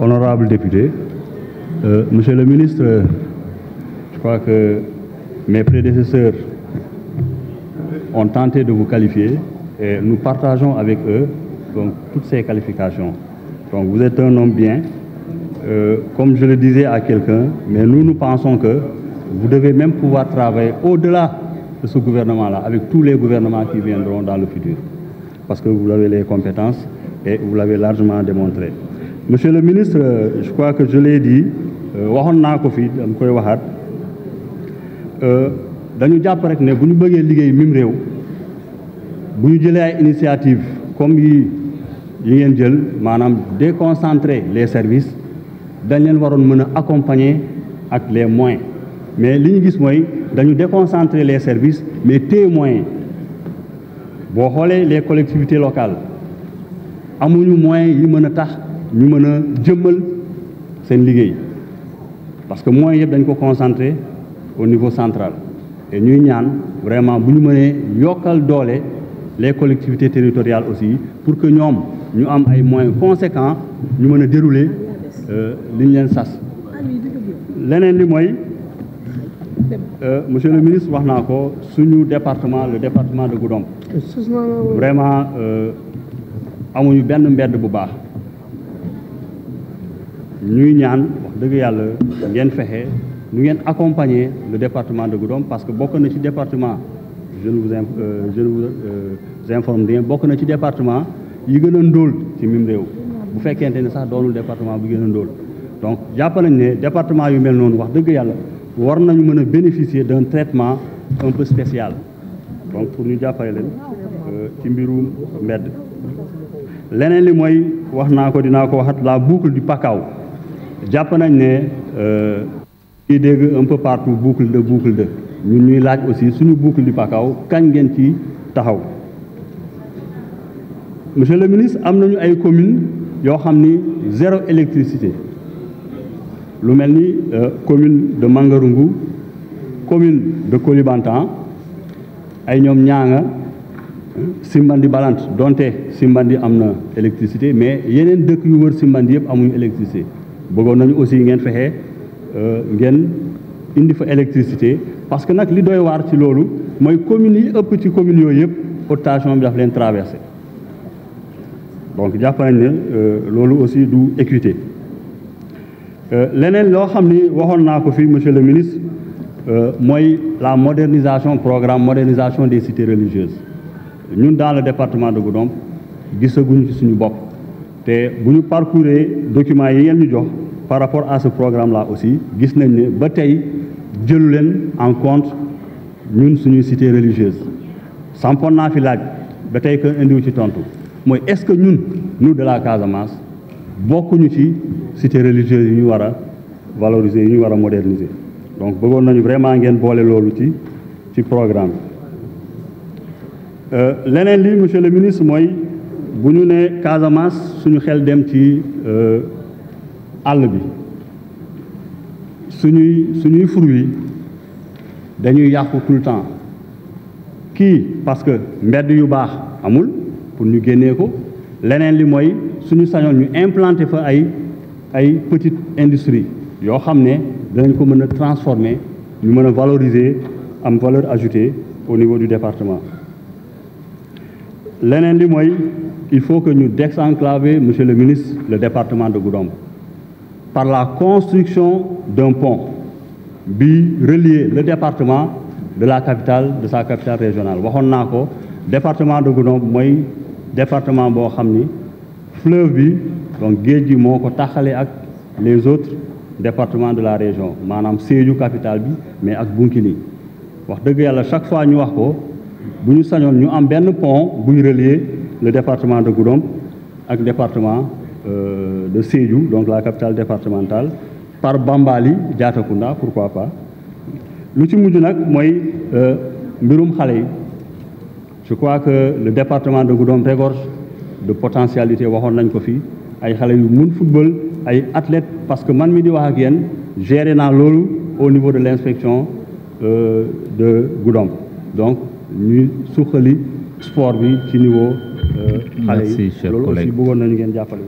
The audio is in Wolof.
honorable député, euh, Monsieur le ministre, je crois que mes prédécesseurs ont tenté de vous qualifier et nous partageons avec eux toutes ces qualifications. Donc vous êtes un homme bien, euh, comme je le disais à quelqu'un, mais nous, nous pensons que vous devez même pouvoir travailler au-delà de ce gouvernement-là, avec tous les gouvernements qui viendront dans le futur. Parce que vous avez les compétences et vous l'avez largement démontré monsieur le ministre je crois que je l'ai dit que euh, vous ko dit, je initiative comme déconcentrer les services dañ accompagner avec les moyens mais gis déconcentrer les services mais témoins, moyens les collectivités locales moyens ñu mën a jëmmal seen liggéey parce que moyens yëpp dañ ko concentré au niveau central et ñuy ñaan vraiment bu ñu mënee yokkal les collectivités territoriales aussi pour que nous ñu am ay moyens conséquents ñu mën dérouler euh, li ñu leen sas leneen li mooy euh, monsieur le ministre wax naa ko suñu département le département de Goudomp vraiment euh, amuñu benn mbedd bu baax nous ñaan wax accompagner le département de Goudon parce que beaucoup de ci département je ne vous euh, euh, informe bien bokk na ci département yi gën a ndóol ci mim réew bu fekkente ne sax doonul département bu donc jàpp département yu mel noonu wax war bénéficier d'un traitement un peu spécial donc pour ñu jàppale leen euh, ci mbedd leneen li mooy wax naa ko waxat la boucle du PACAO. jàpp nañ ne di euh, dégg un peu partout boucle de boucle de ñun ñuy laaj aussi suñu boucle du Pakao kañ ngeen ci taxaw monsieur le am nañu ay communes yoo xam ni zéro électricité lu mel ni euh, commune de Mangarungu commune de Kolibantan ay ñoom ñaa ñaanga Simbandi Balante donte Simbandi am na électricité mais yeneen dëkk yu wër Simbandi yëpp amuñu électricité bëggoon nañu aussi ngeen fexe euh, ngeen indi fa électricité parce que nag li doy waar ci loolu mooy commune yi ëpp ci commune yooyu yëpp rotation bi daf leen traversé donc jàpp nañ ne euh, loolu aussi du équité euh, leneen loo xam ni waxoon naa ko monsieur le ministre mooy la modernisation programme modernisation des cités religieuses ñun dans le département de Goudomp gisaguñ ci suñu bopp te bu ñu parcourir documents yi ngeen ñu jox par rapport à ce programme là aussi gis nañ ne ba tey jëlu leen en compte ñun suñu cité religieuse sampoon naa fi laaj ba tey que indiwu ci tontu est-ce que ñun nous de la Casamance bokkuñu ci cité religieuse yi ñu war a valoriser yi ñu moderniser donc bëggoon nañu vraiment ngeen boole loolu ci ci programme euh, leneen li monsieur le ministre mooy bu ñu ne Casamance suñu xel dem ci euh, àll bi suñuy suñuy fruits dañuy tout le temps parce que mbedd yu baax amul pour ñu gagner ko leneen li mooy suñu ñu fa ay ay petite industrie yoo xam ne ko transformer ñu valoriser am valeur ajoutée au niveau du département leneen li il faut que nous désenclaver, Monsieur le ministre, le département de Goudombe par la construction d'un pont bi relier le département de la capitale de sa capitale régionale waxoon naa département de Goudombe un département de xam Le fleuve bi donc département Moko, moo les autres départements de la région suis Sédhiou capitale bi mais ak Bunkini. wax chaque fois que nous avons un pont relier le département de avec le département euh, de Sédiou, donc la capitale départementale par Bambali Diatokunda, pourquoi pas l'outil ci moi, nag mooy euh, mbirum je crois que le département de Goudom regorge de potentialité waxoon nañ ko fii ay football ay athlètes parce que man mi di wax ak yéen au niveau de l'inspection euh, de Goudom. donc nous souhaitons sport bi ci niveau xale yi loolu aussi bëggoon nañu ngeen jàppale